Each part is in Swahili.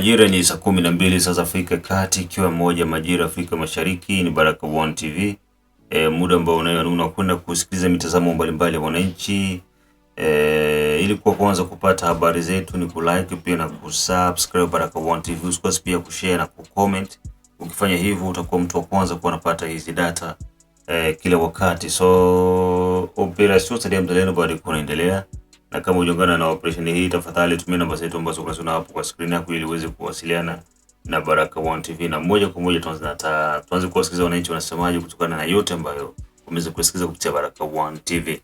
Majira ni saa kumi na mbili saa Afrika Kati, ikiwa moja majira Afrika Mashariki. Ni Baraka One TV, e, muda ambao unakwenda kusikiliza mitazamo mbalimbali ya wananchi. E, ili kwa kwanza kupata habari zetu ni kulike pia na kusubscribe Baraka One TV, usikose pia kushare na kucomment. Ukifanya hivyo utakuwa mtu wa kwanza kuwa anapata hizi data e, kila wakati. So operesheni Sadia Mzalendo bado kunaendelea na kama hujaungana na operesheni hii, tafadhali tumia namba zetu ambazo unaziona hapo kwa skrini yako ili uweze kuwasiliana na baraka One TV, na moja kwa moja tuanze kuwasikiliza wananchi wanasemaje kutokana na yote ambayo wameweza kusikiliza kupitia baraka One TV.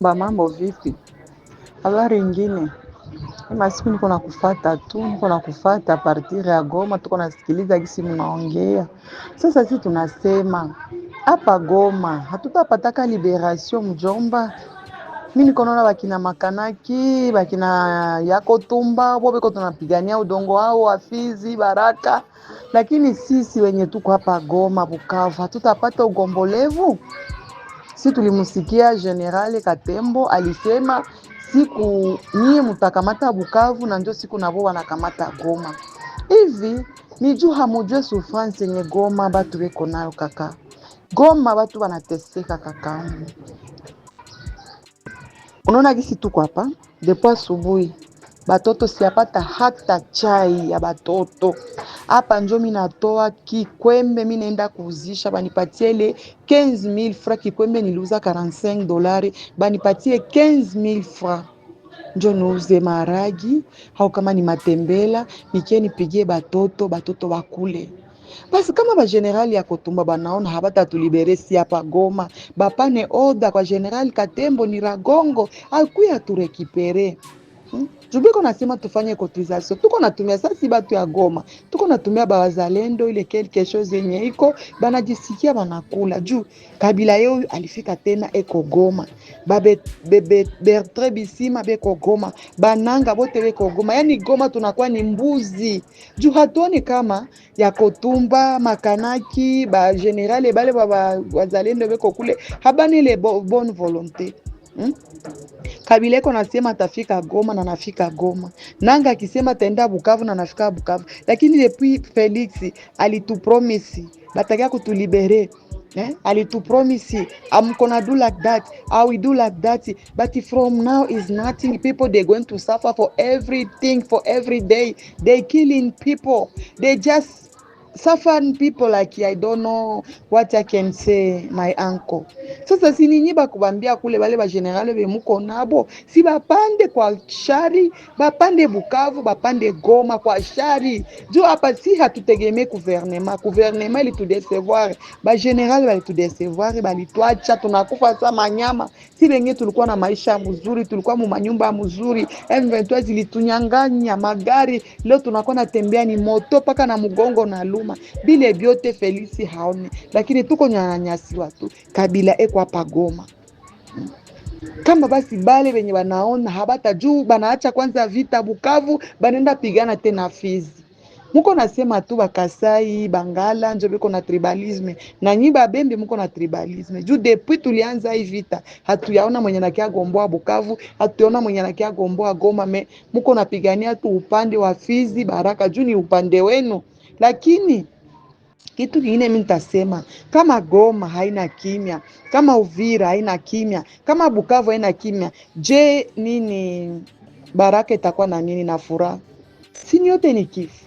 Ba mambo vipi? Habari nyingine siku niko na kufata tu, niko na kufata partire ya Goma, tuko nasikiliza gisi mnaongea sasa. Sisi tunasema hapa Goma hatutapataka liberation mjomba. Mi niko naona bakina makanaki bakina yako tumba bobeko tunapigania udongo wao wafizi baraka, lakini sisi wenye tuko hapa Goma Bukavu hatutapata ugombolevu. Si tulimusikia General Katembo alisema siku nie mutakamata Bukavu na ndio siku navo wanakamata Goma. Hivi ni juu hamujue sufransi yenye Goma batu weko nayo kaka Goma watu wanateseka kakaangu, unaona gisi tuko hapa depo asubuhi, batoto siapata hata chai ya batoto hapa. Njo minatoa kikwembe, minaenda kuuzisha, banipatie ile 15000 francs. Kikwembe niliuza 45 dolari, banipatie 15000 francs njo niuze maragi au kama ni matembela, nikie nipigie batoto, batoto wakule basi kama bagenerali ya Kotumba banaona habatatulibere si hapa Goma, bapane oda kwa generali Katembo ni Ragongo akuya turekipere Hmm? Jubiko nasema tufanye cotisation. Tuko natumia sasa batu ya Goma. Tuko natumia bawazalendo ile quelque chose yenye iko banajisikia banakula. Juu kabila yao alifika tena eko Goma. Babe bebe Bertrand Bisima beko Goma. Bananga bote beko Goma. Yaani Goma tunakuwa ni mbuzi. Juu hatuoni kama ya Kotumba, Makanaki, ba generale bale baba wazalendo beko kule. Habani ile bonne volonté. Hmm? Kabila eko nasema atafika Goma na nafika Goma, nanga akisema ataenda Bukavu na nafika Bukavu, lakini depuis Felix alitupromisi batakia kutulibere Eh, alitupromisi I'm ah, gonna do like that I ah, will do like that but from now is nothing people they going to suffer for everything for every day they killing people they just southern people like I don't know what I can say my uncle. Sasa si ninyi bakubambia kule bale ba general be muko nabo si bapande kwa shari, bapande Bukavu, bapande Goma kwa shari. Jo hapa si hatutegemee gouvernement. Gouvernement ili tudesevoir, ba general bali tudesevoir, bali tuacha tunakufa kama manyama. Si benye tulikuwa na maisha mzuri, tulikuwa mu manyumba mzuri. M23 zilitunyanganya magari, leo tunakuwa na ni moto paka na mgongo na luma mama, bile biote Felisi haone, lakini tuko nyanyasiwa tu kabila eko hapa Goma. Kama basi bale wenye wanaona habata juu banaacha kwanza vita Bukavu, banenda pigana tena Fizi. Muko nasema tu Bakasai Bangala njo biko na tribalisme na nyiba bembe, muko na tribalisme juu depuis tulianza hii vita, hatuyaona mwenye nakia gomboa Bukavu, hatuyaona mwenye nakia gomboa Goma, me muko napigania tu upande wa Fizi Baraka juu ni upande wenu. Lakini kitu kingine mimi nitasema, kama Goma haina kimya, kama Uvira haina kimya, kama Bukavu haina kimya, je, nini baraka itakuwa na nini na furaha? Sini yote ni kifu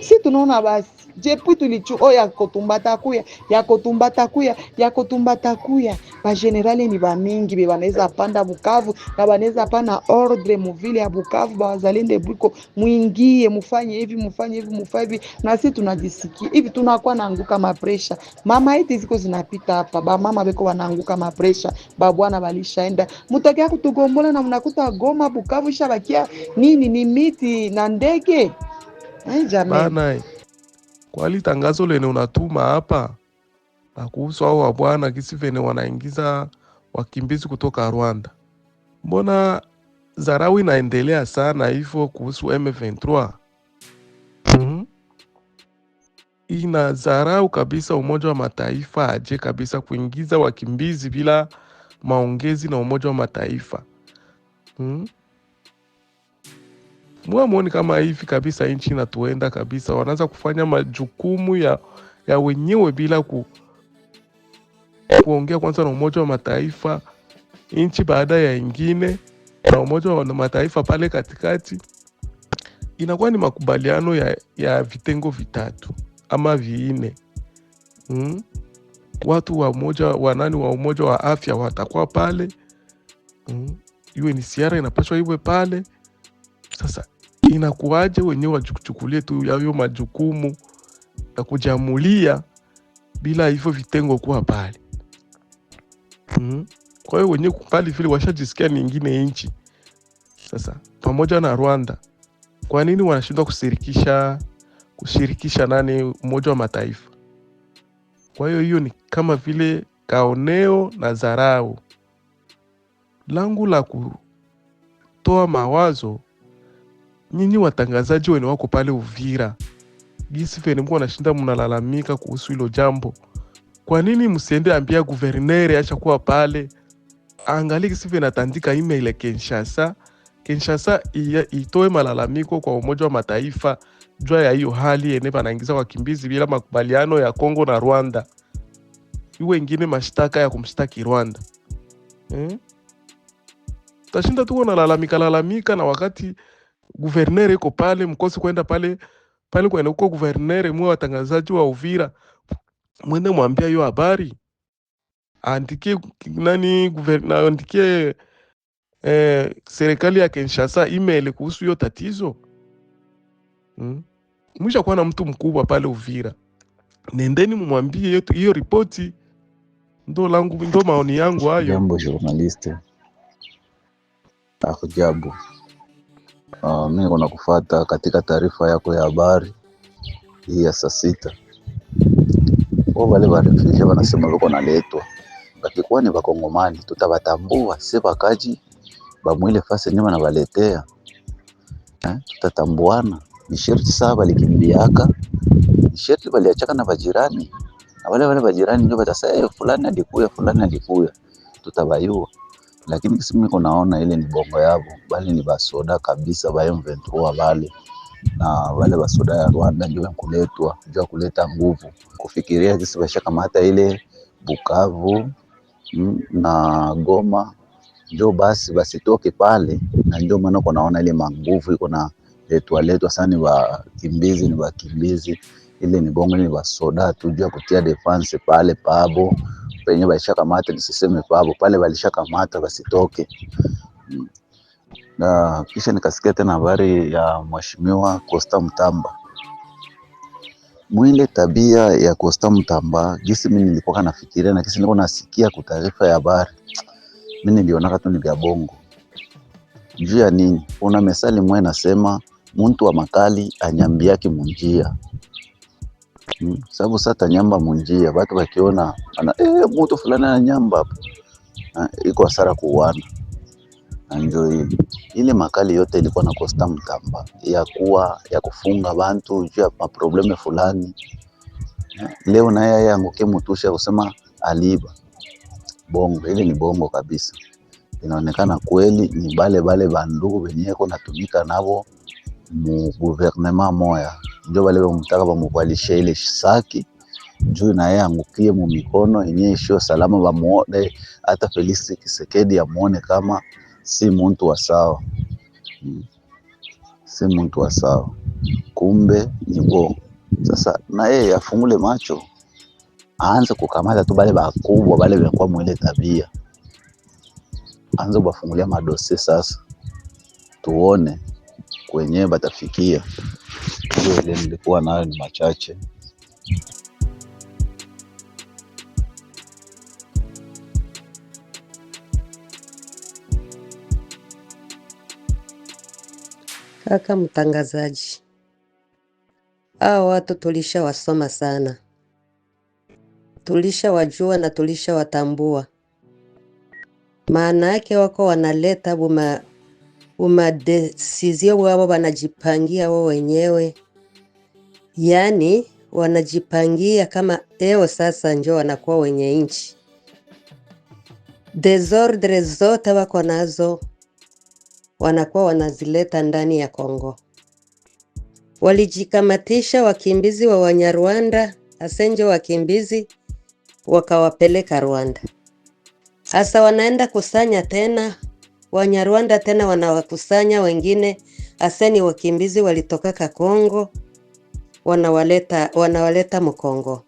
si tunaona basi jepui tulichuo oh, ya kotumba takuya ya kotumba takuya ya kotumba takuya. Bagenerali ni bamingi be banaweza panda Bukavu na banaweza pana ordre muvile ya Bukavu, bawazalende bwiko, mwingie mufanye hivi mufanye hivi mufanye hivi, na si tunajisikia hivi, tunakuwa naanguka mapresha. Mama eti ziko zinapita hapa, ba mama beko wanaanguka mapresha, ba bwana balishaenda mutakia kutugombola na mnakuta Goma Bukavu shabakia nini, ni miti na ndege Bana, kwali tangazo lene unatuma hapa na kuhusu au wa bwana kisi vene wanaingiza wakimbizi kutoka Rwanda, mbona zarau inaendelea sana hivyo kuhusu M23? Mm-hmm. Ina zarau kabisa Umoja wa Mataifa aje kabisa kuingiza wakimbizi bila maongezi na Umoja wa Mataifa. Mm-hmm mwamwoni kama hivi kabisa nchi inatuenda kabisa, wanaanza kufanya majukumu ya, ya wenyewe bila ku, kuongea kwanza na Umoja wa Mataifa, nchi baada ya ingine na Umoja wa Mataifa pale katikati inakuwa ni makubaliano ya, ya vitengo vitatu ama viine hmm? Watu wa umoja wa nani wa umoja wa afya watakuwa pale hmm? ni UNHCR inapashwa iwe pale sasa inakuwaje wenyewe wajichukulie tu yayo majukumu ya kujamulia bila hivyo vitengo kuwa pale mm. Kwa hiyo wenyewe pale vile washajisikia nyingine nchi sasa, pamoja na Rwanda, kwa nini wanashindwa kushirikisha kushirikisha nani Umoja wa Mataifa? Kwa hiyo hiyo ni kama vile kaoneo na dharau langu la kutoa mawazo nyinyi watangazaji wenye wako pale Uvira, gisi vyenye mko nashinda mnalalamika kuhusu hilo jambo, kwa nini msiende ambia guverneri acha kuwa pale, angalie gisi vyenye atandika email ya Kinshasa. Kinshasa itoe malalamiko kwa Umoja wa Mataifa jua ya hiyo hali ene panaingiza wakimbizi bila makubaliano ya Kongo na Rwanda, iwe wengine mashtaka ya kumshtaki Rwanda eh? Tashinda tuko nalalamika lalamika na wakati guverner iko pale, mkosi kwenda pale pale kwenda huko guverner Mwe watangazaji wa Uvira, mwende mwambia hiyo habari, andikie nani guverna, andikie eh, serikali ya Kinshasa email kuhusu hiyo tatizo hmm? Mwisha kuwa na mtu mkubwa pale Uvira, nendeni mumwambie hiyo ripoti. Ndo langu ndo maoni yangu hayo. Jambo journaliste, ajabu. Uh, ah, mi niko nakufata katika taarifa yako ya habari hii ya saa sita. Wale varefugee wanasema viko naletwa bakikuwa ni bakongomani, tutavatambua si vakaji vamwile fasi ni vanavaletea baletea eh, tutatambuana. Ni sherti saa valikimbiaka ni sherti baliachaka na vajirani na wale wale vajirani ndio batasema eh, fulani alikuya, fulani alikuya, tutavayua lakini simiko naona ile ni bongo yavo, bali ni basoda kabisa ba M23 bale na wale basoda ya Rwanda ndio kuletwa ndio kuleta nguvu kufikiria jinsi bashakamata ile Bukavu mm, na Goma ndio basi basitoke pale, na ndio maana uko naona ile manguvu iko na letwa letwa sana. Ni wakimbizi ni wakimbizi, ile ni bongo ni basoda tu juu kutia defense pale pabo penye walishakamata nisiseme papo pale, walishakamata wasitoke. Na kisha nikasikia tena habari ya mheshimiwa Costa mtamba mwile tabia ya Costa mtamba gisi mimi nilikuwa nafikiria na gisi nilikuwa nasikia kwa taarifa ya habari, mimi nilionaka tu ni vya bongo. Juu ya nini? Kuna mesali mwe nasema muntu wa makali anyambiaki munjia Mm. Sababu sata nyamba munjia watu wakiona ana eh, mtu fulani ana nyamba hapa iko hasara kuuana na njo Ile makali yote ilikuwa na Costa mtamba ya kuwa ya kufunga bantu juu ya maprobleme fulani leo naye yeye anguke mutusha kusema aliba bongo. ile ni bongo kabisa, inaonekana kweli ni balebale bandugu venye natumika nabo mu guvernema moya ndio vale vamutaka vamukwalishe ile saki juu naye angukie mu mikono yenye sio salama. Vamuone hata Felix Tshisekedi amuone kama si muntu wa sawa, hmm. si muntu wa sawa, kumbe ni bo. Sasa naye afungule macho, aanze kukamata tu bale bakubwa bale vinakuwa mwile tabia, aanze kubafungulia madose sasa, tuone kwenye batafikia. Hiyo ile nilikuwa nayo ni machache. Kaka mtangazaji, hao watu tulishawasoma sana, tulishawajua na tulishawatambua. Maana yake wako wanaleta buma umadesizio wao wanajipangia wao wenyewe, yaani wanajipangia kama eo sasa njo wanakuwa wenye nchi. Desordre zote wako nazo wanakuwa wanazileta ndani ya Kongo. Walijikamatisha wakimbizi wa Wanyarwanda, asenjo wakimbizi wakawapeleka Rwanda. hasa wanaenda kusanya tena Wanyarwanda tena wanawakusanya wengine, aseni wakimbizi walitokaka Kongo, wanawaleta wanawaleta Mkongo.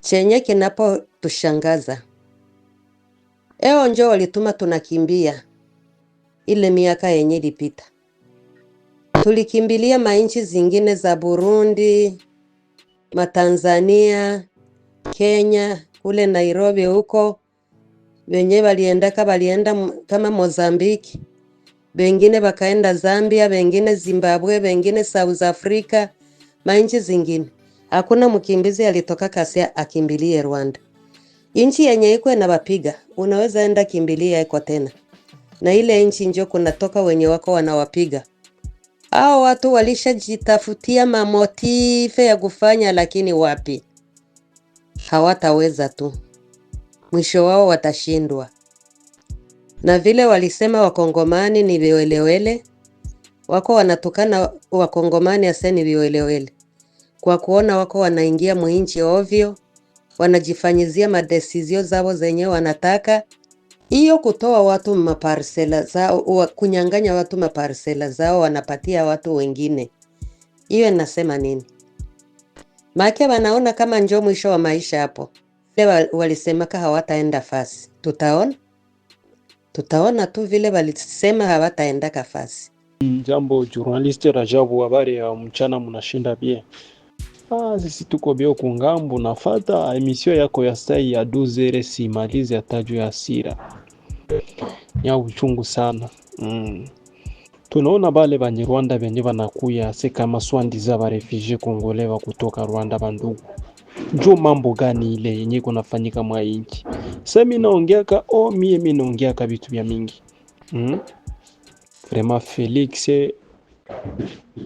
Chenye kinapotushangaza eo njo walituma tunakimbia. Ile miaka yenye ilipita tulikimbilia mainchi zingine za Burundi, Matanzania, Kenya, kule Nairobi huko wenyewe waliendaka walienda kama Mozambiki, wengine wakaenda Zambia, wengine Zimbabwe, wengine South Africa, manchi zingine. Hakuna mkimbizi alitoka kasia akimbilie Rwanda. Inchi yenye iko na wapiga, unaweza enda kimbilia iko tena. Na ile nchi njo kunatoka wenye wako wanawapiga. Hao watu walishajitafutia mamotife ya kufanya, lakini wapi, hawataweza tu mwisho wao watashindwa. Na vile walisema wakongomani ni viwelewele, wako wanatukana wakongomani ase ni viwelewele, kwa kuona wako wanaingia mwinchi ovyo, wanajifanyizia madesizio zao zenye wanataka hiyo kutoa watu maparsela zao, kunyang'anya watu maparsela zao, wanapatia watu wengine. Hiyo inasema nini? make wanaona kama njo mwisho wa maisha hapo vile walisemaka hawataenda fasi, tutaona tutaona tu vile walisema hawataendaka fasi. Jambo journaliste Rajabu, habari ya mchana, mnashinda bie Ah, sisi tuko bio kungambu, nafata emisio yako ya sai ya duzere simalize simalizi ya sira ya uchungu sana mm. Tunaona bale banyarwanda benye banakuya se kama swandi za kongole kutoka Rwanda bandugu juu mambo gani ile yenye iko nafanyika mwa inchi. Sasa mimi naongeaka o oh, mie mimi naongeaka vitu vya mingi mm. Vraiment Felix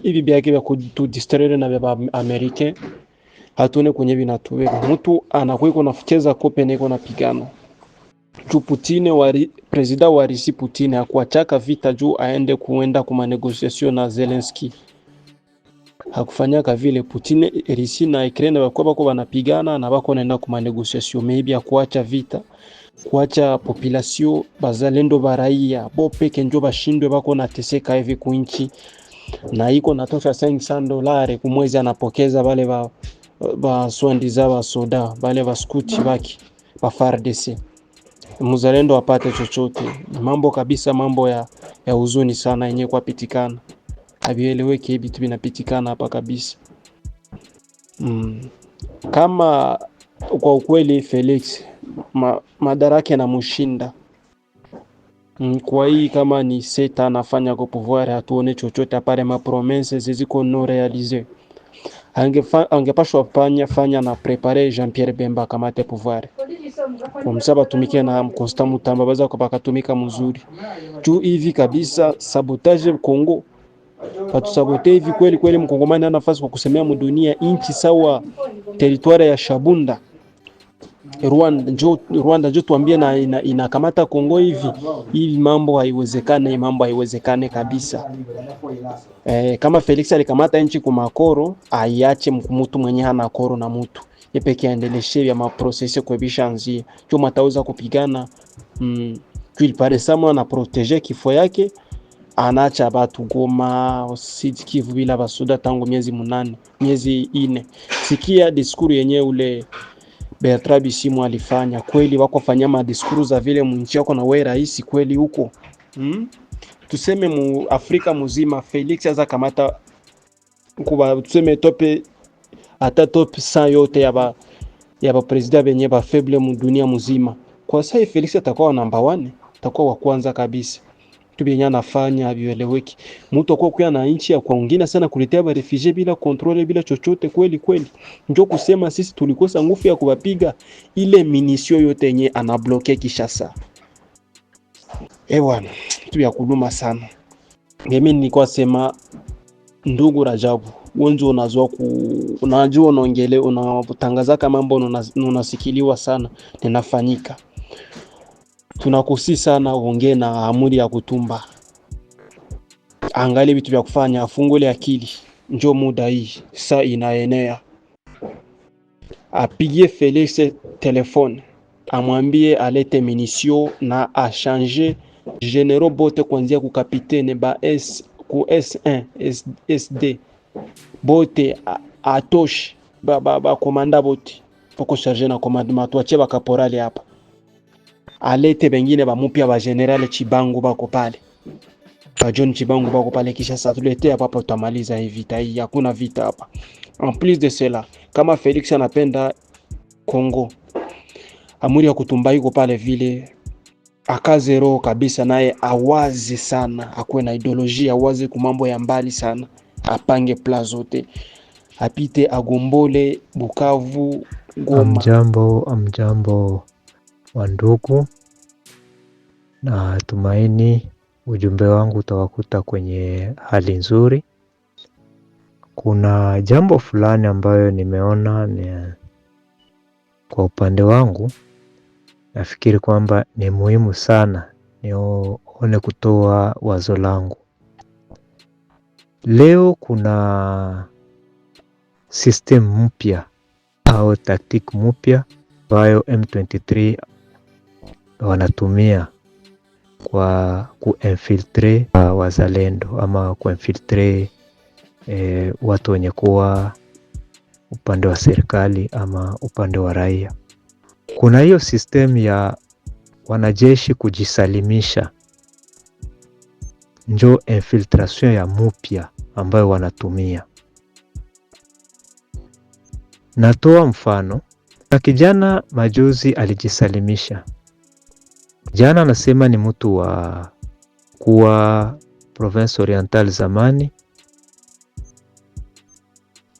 hivi byake vya kutudistraire na vya Americain hatune kwenye vinatuweka. Mtu anakuwa nafucheza kope na iko napigana juu Putine wari, presida wa Risi Putine akuachaka vita juu aende kuenda kuma negotiation na Zelensky hakufanyaka vile Putin Risi na Ukraine bakwa bako banapigana na bako naenda kuma negotiation maybe ya kuacha vita, kuacha population bazalendo baraia bo peke njo bashindwe bako na teseka hivi kuinchi, na iko na natosha 500 kwa mwezi anapokeza wale ba ba swandiza ba soda wale ba skuti baki ba FARDC, muzalendo apate chochote. Mambo kabisa mambo ya, ya huzuni sana yenye kwapitikana havieleweki vitu vinapitikana hapa kabisa. Mm. Kama kwa ukweli Felix ma, madaraka yanamshinda mm. Kwa hii kama ni seta anafanya kwa pouvoir, atuone chochote apare mapromese ziziko no realize. Angepashwa fanya fanya na prepare Jean Pierre Bemba kama te pouvoir kwa msaba tumike na Constant Mutamba baza kwa bakatumika mzuri juu hivi kabisa sabotage Kongo Fatusabotee hivi kweli kweli, mkongomani ana nafasi kwa kusemea mudunia inchi sawa teritwari ya Shabunda Rwanda, njo Rwanda njo tuambie na inakamata ina Kongo hivi hivi, mambo haiwezekane, mambo haiwezekane kabisa. E, kama Felix alikamata nchi kwa makoro, aiache mtu mwenye hana koro na mutu yepeke aendeleshe ya maprosesi kwa bishanzi chuma tauza kupigana mm, pare sama na protege kifo yake anaacha batu Goma, Sud Kivu bila basuda tangu miezi munane, miezi ine. Sikia diskuru yenye ule Bertrand Bisimwa alifanya kweli, wako fanya diskuru za vile munchi yako na wewe rais kweli huko hmm? Tuseme mu Afrika muzima Felix aza kamata kuba, tuseme tope ata top saa yote ya ba ya ba president benye ba feble mu dunia muzima. Kwa sasa Felix atakuwa namba 1, atakuwa wa kwanza kabisa vitu vyenye anafanya havieleweki. Mtu kwa kuya na nchi ya kwa wengine sana kuletea ba refugee bila kontrole bila chochote, kweli kweli, njoo kusema sisi tulikosa nguvu ya kuwapiga ile minisio yote yenye anabloke Kishasa. Ewa tu ya kuluma sana. Mimi nilikuwa sema ndugu Rajabu, wenzo unazua ku unajua unaongelea unatangaza kama mambo unasikiliwa sana, ninafanyika tunakusi sana uongee na amuri ya kutumba, angalie vitu vya kufanya, afungule akili. Njo muda hii saa inaenea, apigie Felix telefone amwambie alete minisio na achange general bote kuanzia kukapitene ba S ku S1 S, SD bote atoshe ba, ba, ba komanda bote poko charge na komandema ba bakaporali hapa alete bengine bamupya ba General Chibangu bako pale ba John Chibangu bako pale, kisha sasa tuletea hapa, tutamaliza hii vita hii. Hakuna vita hapa. En plus de cela, kama Felix anapenda Kongo, amuri ya kutumba iko pale vile akaze roho kabisa, naye awaze sana, akuwe na ideolojia, awaze kumambo ya mbali sana, apange pla zote, apite agombole Bukavu, Goma. Amjambo, amjambo wa ndugu na tumaini ujumbe wangu utawakuta kwenye hali nzuri. Kuna jambo fulani ambayo nimeona ni kwa upande wangu nafikiri kwamba ni muhimu sana nione kutoa wazo langu leo. Kuna system mpya au taktiki mpya ambayo M23 wanatumia kwa kuinfiltre uh, wazalendo ama kuinfiltre e, watu wenye kuwa upande wa serikali ama upande wa raia. Kuna hiyo system ya wanajeshi kujisalimisha, njo infiltration ya mupya ambayo wanatumia. Natoa mfano na kijana majuzi alijisalimisha Jana anasema ni mtu wa kuwa Province Oriental zamani,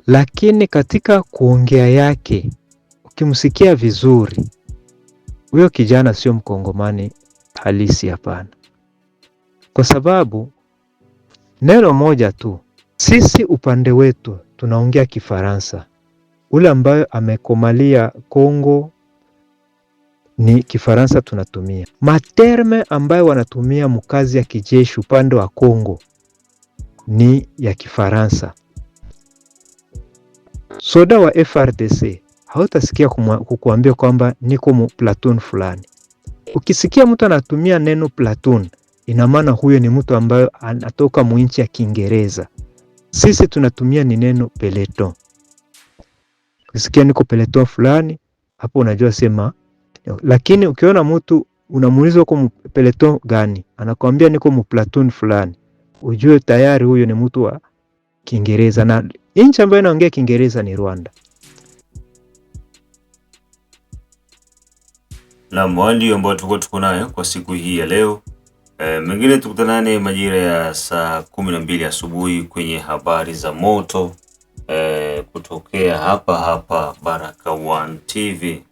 lakini katika kuongea yake ukimsikia vizuri, huyo kijana sio mkongomani halisi. Hapana, kwa sababu neno moja tu, sisi upande wetu tunaongea Kifaransa, ule ambayo amekomalia Kongo ni Kifaransa tunatumia materme ambayo wanatumia mkazi ya kijeshi upande wa Kongo ni ya Kifaransa. Soda wa FRDC hautasikia kukuambia kwamba niko platoon fulani. Ukisikia mtu anatumia neno platoon, ina maana huyo ni mtu ambayo anatoka mwinchi ya Kiingereza. Sisi tunatumia ni neno peleton. Ukisikia niko peleton fulani, hapo unajua sema lakini ukiona mtu unamuuliza uko mpeleton gani, anakwambia niko mplatoon fulani, ujue tayari huyo ni mtu wa Kiingereza, na nchi ambayo inaongea Kiingereza ni Rwanda. Na mwandi ambayo tuko tuko nayo kwa siku hii ya leo. E, mengine tukutanane majira ya saa kumi na mbili asubuhi kwenye habari za moto e, kutokea hapa hapa Baraka One TV.